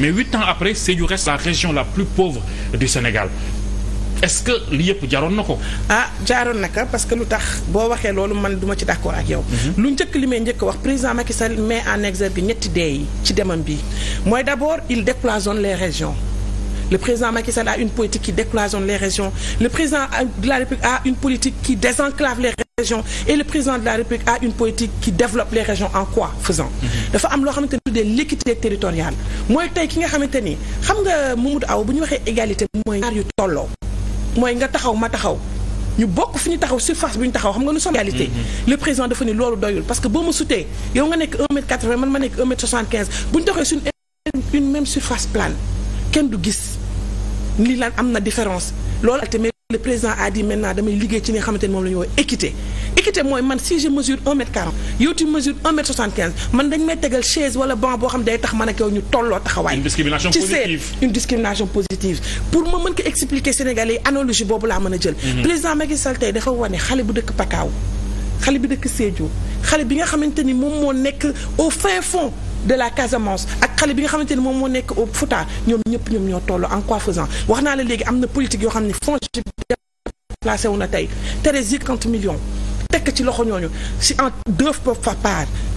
mais huit ans après Sédhiou reste la région la plus pauvre du Sénégal est-ce que li yëpp jaroon na ko. ah jaaroon na ko parce que lu tax boo waxee loolu man duma ci d'accord ak yow. Mhm. lu njëkk li may njëkk wax président Macky Sall met en exergue ñetti dee yi ci demam bi mooy d'abord il décloisonne les régions. Le président Macky a une politique qui décloisonne les régions. Le président a une politique qui désenclave région et le président de la République a une politique qui développe les régions en quoi faisant mhm. dafa am loo xamante ne tuddee l'équité territoriale mooy tey ki nga xam nga Mamadou Aw bu ñu waxee égalité mooy ñaar yu tolloo mooy nga taxaw ma taxaw ñu bokk fi ñu taxaw surface bi taxaw xam nga nous sommes égalité mhm. le président dafa ni loolu doyul parce que boo ma sutee yow nga nekk 1 mètre 80 man ma nekk 1 mètre 75 une même surface plane kenn du gis ni le président a dit maintenant damay liggéey ci li nga moom la ñu woowee mooy man si mesure 1 mètre 40 yow tu mesures 1 mètre man dañ may tegal chaise wala banc boo xam day tax man ñu tolloo taxawaay. une discrimination une discrimination positive. pour ma mën ko expliquer Sénégalais yi analogie boobu laa mën a jël. Mhm. président Macky Sall tey dafa wane xale bu dëkk Pakaaw xale bi dëkk Sédhiou xale bi nga xamante moom moo nekk au fin fond. de la Casamance placé wu na tey tere cinquante millions tekk ci loxo ñooñu si en deux fois par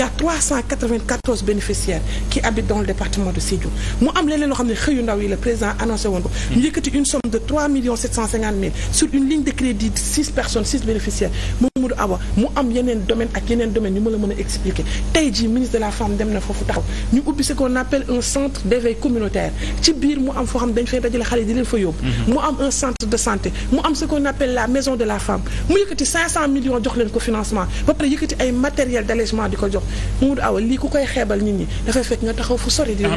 y a 394 bénéficiaires qui habitent dans le département de Sédhiou mu am leneen loo xam ne xëyu ndaw yi le président annoncé woon ko ñu hmm. yëkkati une somme de 3 sur une ligne de crédit de personnes 6 bénéficiaires Amadou Awa mu am yeneen domaine ak yeneen domaine ñu ma la mën a expliquer tey jii ministre de la femme dem na foofu taxaw ñu ubbi ce qu'on appelle un centre d'éveil communautaire ci biir mu am foo xam dañ fay dajale xale di leen fa yóbbu mhm. mu am un centre de santé mu am ce qu'on appelle la maison de la femme mu yëkkati 500 jox leen ko ba pare yëkkati ay matériel d'allègement di ko jox Amadou Awa lii ku koy xeebal nit ñi dafay fekk nga taxaw fu sori di ah,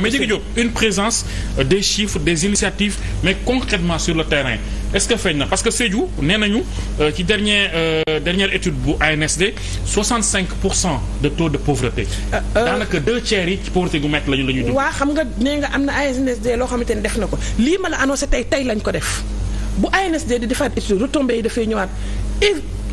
mais est-ce que feeñ na parce que Sédhiou nee nañu euh, ci dernier euh, dernière étude bu ANSD 65 pour cent de taux de pauvreté. Euh, daanaka deux tiers yi ci pauvreté gu métti lañu la ñuy dund. waaw xam nga nee nga am na ANSD loo xamante ne def na ko lii ma la annoncé tey tey lañ ko def bu ANSD di defaat étude retombées yi dafay ñëwaat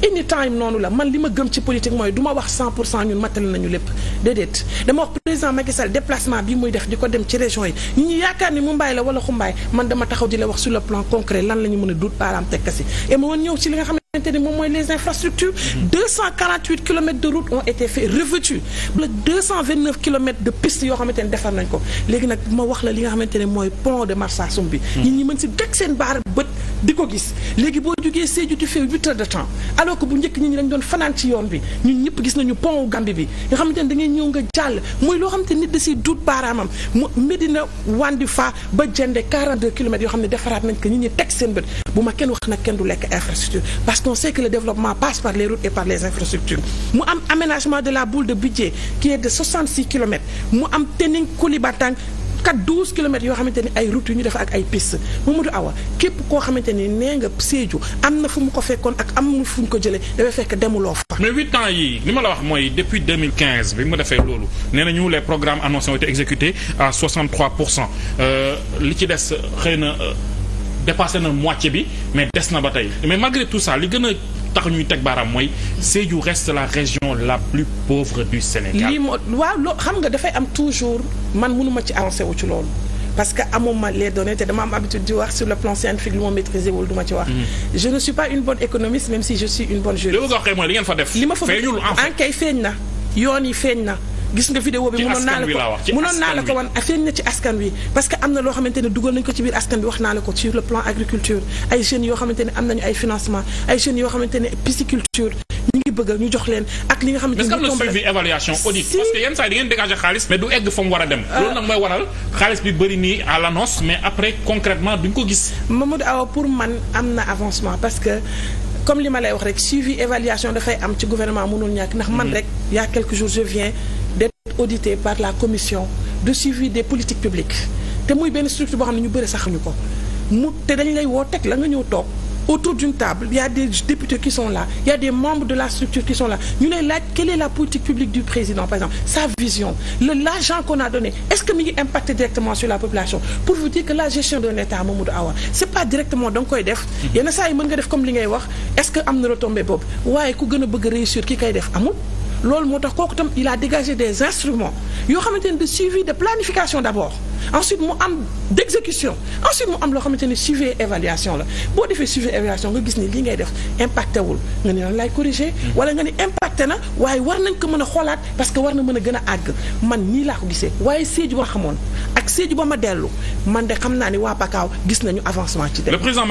anytime noonu la man li ma gëm ci politique mooy du ma wax 100 pour cent ñun matal nañu lépp déedéet dama wax président Macky Sall déplacement bi muy def di ko dem ci région yi ñi ñu yaakaar ni mu mbaay la wala xumbaay man dama taxaw di la wax sur le plan concret lan la ñu mën a duut baaraam tekk si et ma woon ñëw ci li nga xam xamante ni moom mooy les infrastructures mm-hmm. kilomètres de route ont été faits revêtus le kilomètres de piste yoo xamante ni defar nañ ko léegi nag ma wax la li nga xamante ne mooy pont de Marsassoum bi mm-hmm. ñi ñi di ko gis léegi boo jógee Sédhiou tu fais huit heures de temps alors que bu njëkk ñi ñi dañ doon fanaan ci yoon bi ñu ñëpp gis nañu pont Gambie bi nga xamante ne da ñëw nga jàll mooy loo xamante nit da siy duut baaraamam mu Medina Wandifa ba jënde 42 yoo xam ne defaraat nañ ko nit ñi teg seen bët bu ma kenn wax nag kenn du lekk infrastructure parce qu'on sait que le développement passe par les routes et par les infrastructures mu am aménagement de la boule de budget qui est de am Tening 4 12 kilomètres yoo xamante ni ay route yu ñu def ak ay piste Mamadou Awa képp koo xamante ni nee nga Sédhiou am na fu mu ko fekkoon ak am fu ñu ko jëlee dafay fekk demuloo fa. mais huit ans yii li ma la wax mooy depuis 2015 bi mu defee loolu nee nañu les programmes annoncés ont été exécutés à 63 pour cent euh, li ci des xëy na euh, dépassé na moitié bi mais des na ba tey mais malgré tout ça li gën a tax ñuy teg baaraam mooy Sédhiou reste la région la plus pauvre du Sénégal. lii moo waaw loo xam nga dafay am toujours man mënuma ci avancé wu ci loolu. parce que amuma les données te dama am habitude di wax sur le plan scientifique lu ma maîtriser wul du ma ci wax. Mhm. je ne suis pas une bonne économiste même si je suis une bonne juriste. li ma fa def feeñul kay feeñ na yoon yi feeñ na. gis nga vidéo bi mënoon naa la ko mënoon naa la ko wan feeñ na ci askan wi parce que am na loo xamante ne dugal nañ ko ci biir askan bi wax naa la ko sur le plan agriculture ay jeunes yoo xamante ne am nañu ay financement ay jeunes yoo xamante ne pisciculture ñu ngi bëgg ñu jox leen ak li nga xamante ne am na suivi évaluation audit parce que yenn saa yi ngeen dégager xaalis mais du egg fa mu war a dem euh, loolu nag mooy waral xaalis bi bëri nii à l'annonce mais après concrètement duñ ko gis pour man am na avancement parce que comme li ma lay wax rek suivi évaluation dafay am ci gouvernement mënul ñàkk ndax man mm-hmm. rek a quelques jours je audité par la commission de suivi des politiques publiques te muy benn structure boo xam ne ñu bëri sax ko mu te dañu lay woo teg la nga ñëw toog autour d'une table il y a des députés qui sont là il y a des membres de la structure qui sont là ñu lay laaj quelle est la politique publique du président par exemple sa vision le l'argent qu'on a donné est-ce que mi ngi impacté directement sur la population pour vous dire que la gestion d'un état Mamadou Awa c'est nga koy def mm-hmm. yenn nga def comme na retombée boobu waaye ku gën loolu moo tax kooku tam il a dégagé des instruments yoo xamante ne de suivi de planification d' abord ensuite mu am d' ensuite mu am loo xamante ne suivi évaluation la boo defee suivi évaluation nga gis ni li ngay def impacté wul nga ni lan laay corrigé hmm. wala nga ni impacté na waaye war nañ ko mën a xoolaat parce que war na mën a gën a àgg man nii laa ko gisee waaye séeju ba xamoon ak séeju ba ma dellu man de xam naa ni waa Pakaaw gis nañu avancement ci dëkk.